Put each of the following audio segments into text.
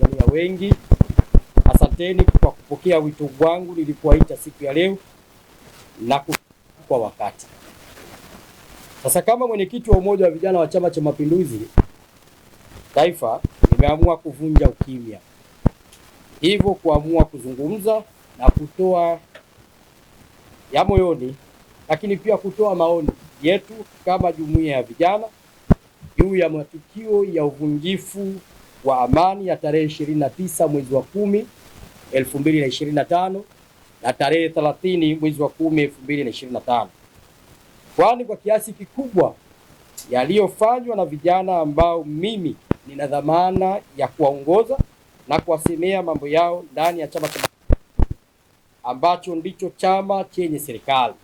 Watanzania wengi. Asanteni kwa kupokea wito wangu nilikuwaita siku ya leo na kwa wakati. Sasa kama mwenyekiti wa Umoja wa Vijana wa Chama cha Mapinduzi Taifa, nimeamua kuvunja ukimya, hivyo kuamua kuzungumza na kutoa ya moyoni, lakini pia kutoa maoni yetu kama jumuiya ya vijana juu ya matukio ya uvunjifu wa amani ya tarehe 29 mwezi wa 10 2025 na tarehe 30 mwezi wa 10 2025, kwani kwa kiasi kikubwa yaliyofanywa na vijana ambao mimi nina dhamana ya kuwaongoza na kuwasemea mambo yao ndani ya chama cha ambacho ndicho chama chenye serikali.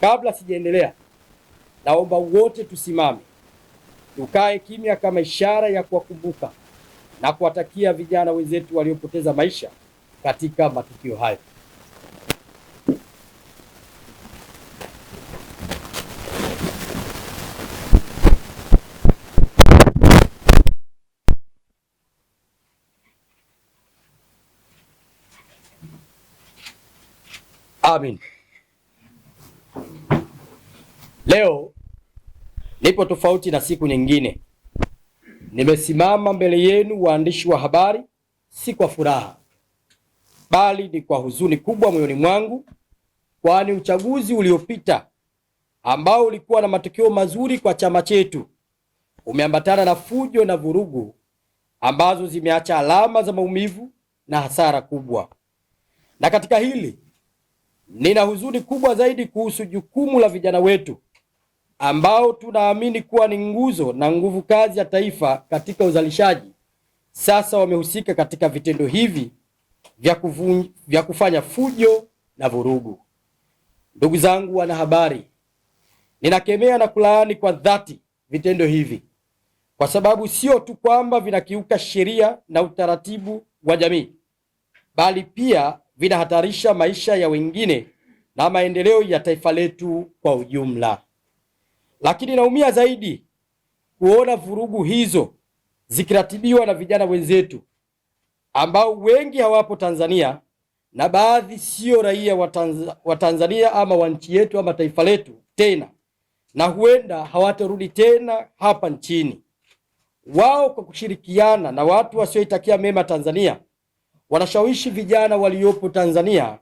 Kabla sijaendelea, naomba wote tusimame tukae kimya kama ishara ya kuwakumbuka na kuwatakia vijana wenzetu waliopoteza maisha katika matukio hayo. Amin. Leo Nipo tofauti na siku nyingine, nimesimama mbele yenu waandishi wa habari, si kwa furaha, bali ni kwa huzuni kubwa moyoni mwangu, kwani uchaguzi uliopita ambao ulikuwa na matokeo mazuri kwa chama chetu umeambatana na fujo na vurugu ambazo zimeacha alama za maumivu na hasara kubwa. Na katika hili nina huzuni kubwa zaidi kuhusu jukumu la vijana wetu ambao tunaamini kuwa ni nguzo na nguvu kazi ya taifa katika uzalishaji, sasa wamehusika katika vitendo hivi vya, kufu, vya kufanya fujo na vurugu. Ndugu zangu wanahabari, ninakemea na kulaani kwa dhati vitendo hivi kwa sababu sio tu kwamba vinakiuka sheria na utaratibu wa jamii, bali pia vinahatarisha maisha ya wengine na maendeleo ya taifa letu kwa ujumla. Lakini naumia zaidi kuona vurugu hizo zikiratibiwa na vijana wenzetu ambao wengi hawapo Tanzania na baadhi sio raia wa, wa Tanzania ama wa nchi yetu ama taifa letu tena, na huenda hawatarudi tena hapa nchini. Wao kwa kushirikiana na watu wasioitakia mema Tanzania wanashawishi vijana waliopo Tanzania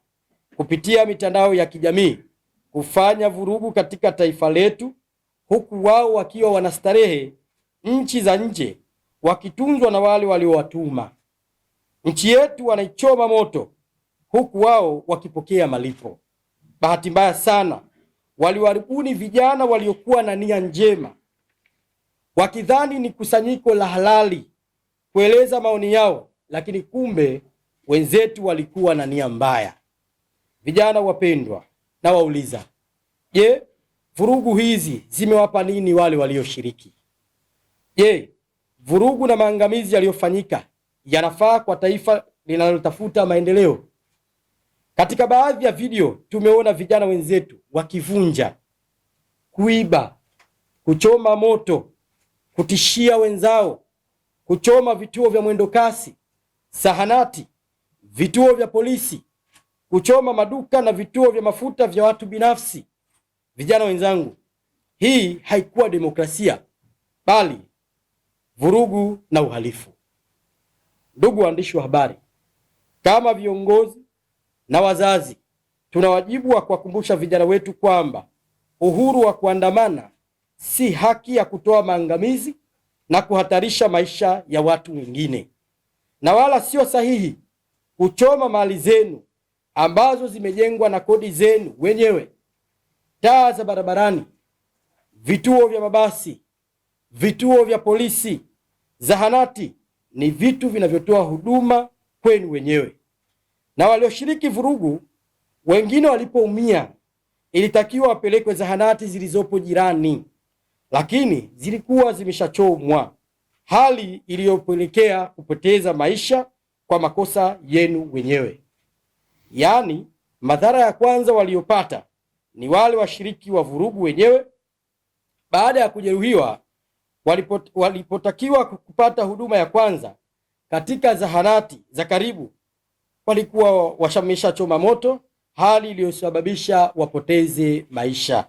kupitia mitandao ya kijamii kufanya vurugu katika taifa letu huku wao wakiwa wanastarehe nchi za nje, wakitunzwa na wale waliowatuma. Nchi yetu wanaichoma moto, huku wao wakipokea malipo. Bahati mbaya sana, waliwaribuni vijana waliokuwa na nia njema, wakidhani ni kusanyiko la halali kueleza maoni yao, lakini kumbe wenzetu walikuwa na nia mbaya. Vijana wapendwa, nawauliza, je, vurugu hizi zimewapa nini wale walioshiriki? Je, vurugu na maangamizi yaliyofanyika yanafaa kwa taifa linalotafuta maendeleo? Katika baadhi ya video tumeona vijana wenzetu wakivunja, kuiba, kuchoma moto, kutishia wenzao, kuchoma vituo vya mwendokasi, sahanati, vituo vya polisi, kuchoma maduka na vituo vya mafuta vya watu binafsi, Vijana wenzangu, hii haikuwa demokrasia bali vurugu na uhalifu. Ndugu waandishi wa habari, kama viongozi na wazazi, tuna wajibu wa kuwakumbusha vijana wetu kwamba uhuru wa kuandamana si haki ya kutoa maangamizi na kuhatarisha maisha ya watu wengine, na wala sio sahihi kuchoma mali zenu ambazo zimejengwa na kodi zenu wenyewe taa za barabarani, vituo vya mabasi, vituo vya polisi, zahanati ni vitu vinavyotoa huduma kwenu wenyewe. Na walioshiriki vurugu, wengine walipoumia, ilitakiwa wapelekwe zahanati zilizopo jirani, lakini zilikuwa zimeshachomwa, hali iliyopelekea kupoteza maisha kwa makosa yenu wenyewe. Yaani, madhara ya kwanza waliyopata ni wale washiriki wa vurugu wenyewe baada ya kujeruhiwa walipot, walipotakiwa kupata huduma ya kwanza katika zahanati za karibu walikuwa washamisha choma moto, hali iliyosababisha wapoteze maisha.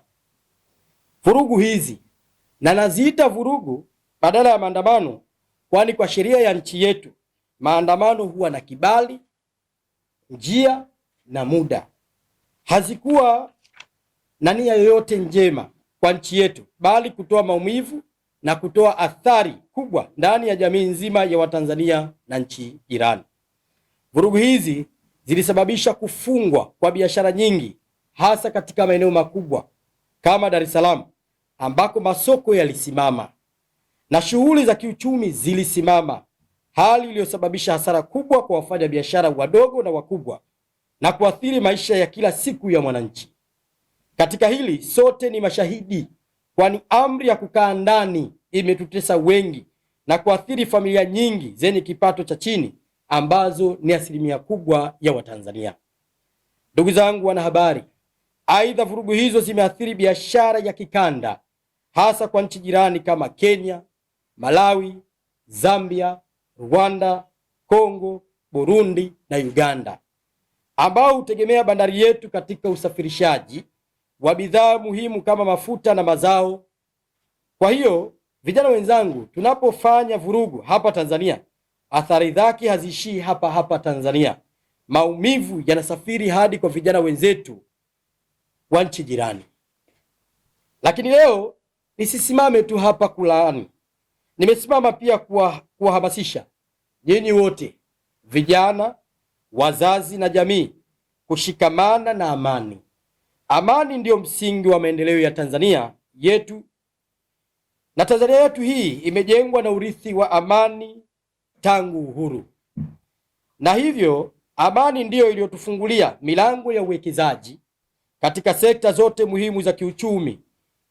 Vurugu hizi na naziita vurugu badala ya maandamano, kwani kwa sheria ya nchi yetu maandamano huwa na kibali, njia na muda. Hazikuwa na nia yoyote njema kwa nchi yetu, bali kutoa maumivu na kutoa athari kubwa ndani ya jamii nzima ya Watanzania na nchi jirani. Vurugu hizi zilisababisha kufungwa kwa biashara nyingi, hasa katika maeneo makubwa kama Dar es Salaam ambako masoko yalisimama na shughuli za kiuchumi zilisimama, hali iliyosababisha hasara kubwa kwa wafanyabiashara wadogo na wakubwa na kuathiri maisha ya kila siku ya mwananchi. Katika hili sote ni mashahidi, kwani amri ya kukaa ndani imetutesa wengi na kuathiri familia nyingi zenye kipato cha chini ambazo ni asilimia kubwa ya Watanzania. Ndugu zangu wanahabari, aidha vurugu hizo zimeathiri biashara ya kikanda hasa kwa nchi jirani kama Kenya, Malawi, Zambia, Rwanda, Kongo, Burundi na Uganda ambao hutegemea bandari yetu katika usafirishaji wa bidhaa muhimu kama mafuta na mazao. Kwa hiyo vijana wenzangu, tunapofanya vurugu hapa Tanzania, athari zake haziishii hapa hapa Tanzania. Maumivu yanasafiri hadi kwa vijana wenzetu wa nchi jirani. Lakini leo nisisimame tu hapa kulaani, nimesimama pia kuwahamasisha nyinyi wote vijana, wazazi na jamii kushikamana na amani. Amani ndiyo msingi wa maendeleo ya Tanzania yetu, na Tanzania yetu hii imejengwa na urithi wa amani tangu uhuru, na hivyo amani ndiyo iliyotufungulia milango ya uwekezaji katika sekta zote muhimu za kiuchumi.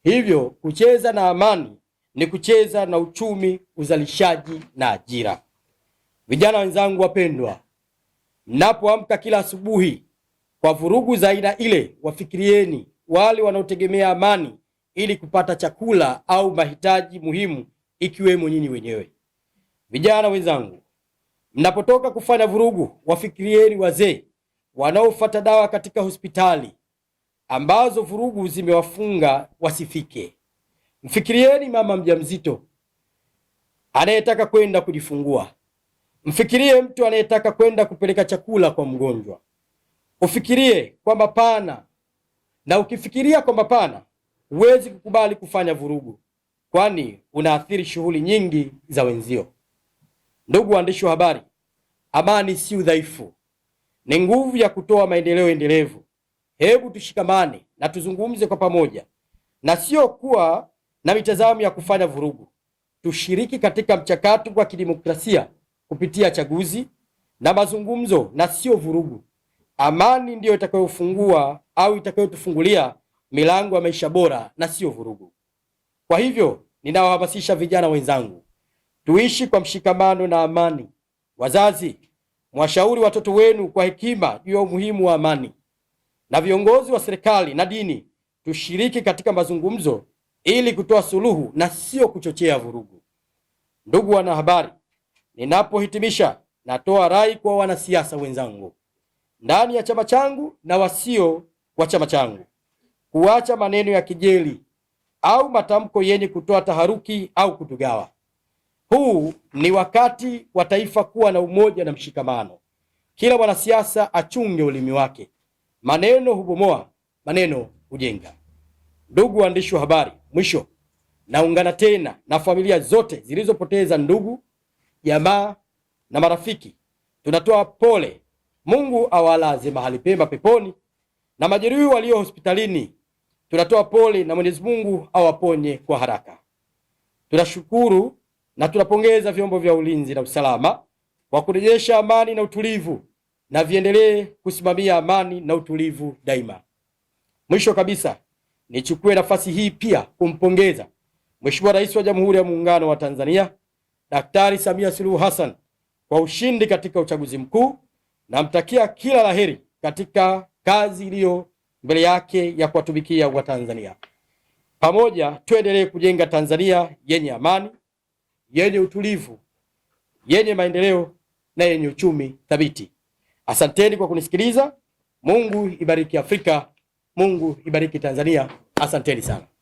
Hivyo kucheza na amani ni kucheza na uchumi, uzalishaji na ajira. Vijana wenzangu wapendwa, mnapoamka kila asubuhi kwa vurugu za aina ile, wafikirieni wale wanaotegemea amani ili kupata chakula au mahitaji muhimu ikiwemo nyinyi wenyewe. Vijana wenzangu, mnapotoka kufanya vurugu, wafikirieni wazee wanaofuata dawa katika hospitali ambazo vurugu zimewafunga wasifike. Mfikirieni mama mjamzito anayetaka kwenda kujifungua. Mfikirie mtu anayetaka kwenda kupeleka chakula kwa mgonjwa ufikirie kwamba pana, na ukifikiria kwamba pana, huwezi kukubali kufanya vurugu, kwani unaathiri shughuli nyingi za wenzio. Ndugu waandishi wa habari, amani si udhaifu, ni nguvu ya kutoa maendeleo endelevu. Hebu tushikamane na tuzungumze kwa pamoja, na sio kuwa na mitazamo ya kufanya vurugu. Tushiriki katika mchakato wa kidemokrasia kupitia chaguzi na mazungumzo na sio vurugu. Amani ndiyo itakayofungua au itakayotufungulia milango ya maisha bora na siyo vurugu. Kwa hivyo, ninawahamasisha vijana wenzangu, tuishi kwa mshikamano na amani. Wazazi, mwashauri watoto wenu kwa hekima juu ya umuhimu wa amani, na viongozi wa serikali na dini, tushiriki katika mazungumzo ili kutoa suluhu na sio kuchochea vurugu. Ndugu wanahabari, ninapohitimisha, natoa rai kwa wanasiasa wenzangu ndani ya chama changu na wasio wa chama changu, kuacha maneno ya kijeli au matamko yenye kutoa taharuki au kutugawa. Huu ni wakati wa taifa kuwa na umoja na mshikamano. Kila mwanasiasa achunge ulimi wake. Maneno hubomoa, maneno hujenga. Ndugu waandishi wa habari, mwisho naungana tena na familia zote zilizopoteza ndugu, jamaa na marafiki. Tunatoa pole Mungu awalaze mahali pema peponi na majeruhi walio hospitalini tunatoa pole na Mwenyezi Mungu awaponye kwa haraka. Tunashukuru na tunapongeza vyombo vya ulinzi na usalama kwa kurejesha amani na utulivu, na viendelee kusimamia amani na utulivu daima. Mwisho kabisa, nichukue nafasi hii pia kumpongeza Mheshimiwa Rais wa Jamhuri ya Muungano wa Tanzania Daktari Samia Suluhu Hassan kwa ushindi katika uchaguzi mkuu Namtakia kila laheri katika kazi iliyo mbele yake ya kuwatumikia Watanzania. Pamoja tuendelee kujenga Tanzania yenye amani, yenye utulivu, yenye maendeleo na yenye uchumi thabiti. Asanteni kwa kunisikiliza. Mungu ibariki Afrika, Mungu ibariki Tanzania. Asanteni sana.